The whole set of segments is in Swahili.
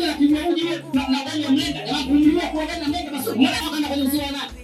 shule ya kienyeji nadhani ya Mlenda, na kumjua kwa Mlenda Mlenda basi mwana wakaenda kwenye usia nani?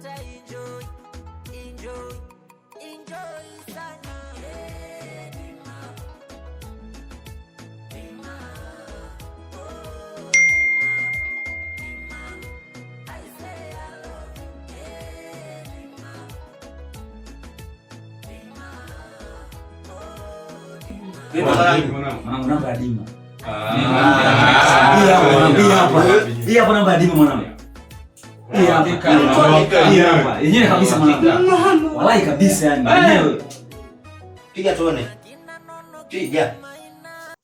utaenjoy, enjoy, enjoy sana. Oh, oh, namba ya Dima. Ah. namba ya ah. Dima mwanangu yenyewe kabisa walai kabisa yani Piga tuone, piga.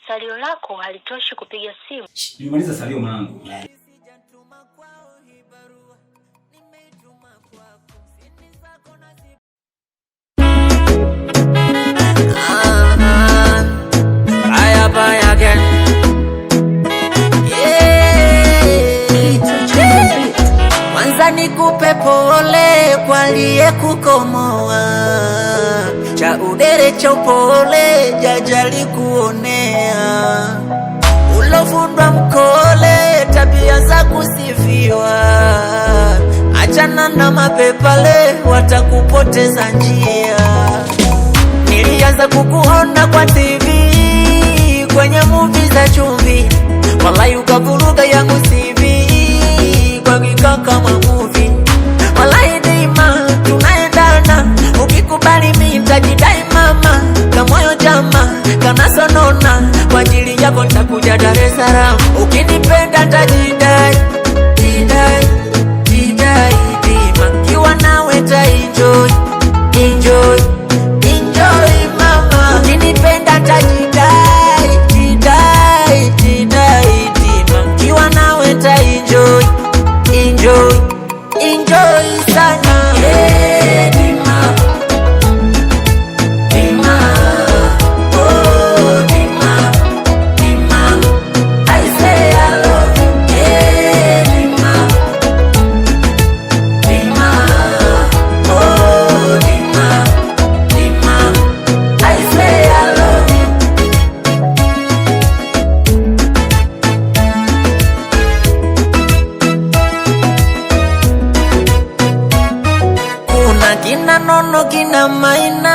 Salio lako halitoshi kupiga simu. Nimaliza salio mwanangu. ya kukomoa cha udere cha upole jajali kuonea ulofundwa mkole tabia za kusifiwa achana na mapepale watakupoteza njia nilianza kukuona kwa TV kwenye muvi za chumvi walai ukavuruga yangu CV kwa kikaka Kajidai mama kamoyo jama kanasonona, kwa ajili yako nitakuja Dar es Salaam. nono kina Maina,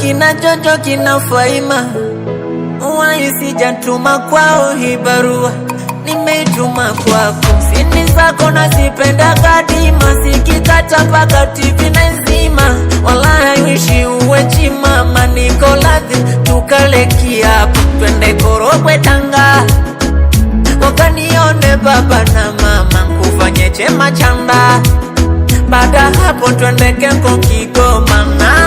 kina Jojo, kina Faima, wai sijatuma kwao hii barua, nimeituma kwako. Sini zako nazipenda kadima, sikikata mpaka TV nzima, wala haiwishi uwe chimama, niko radhi tukale kiapo, twende Korogwe Tanga, wakanione baba na mama, nkufanye chema chanda baada hapo twendekeko Kigoma.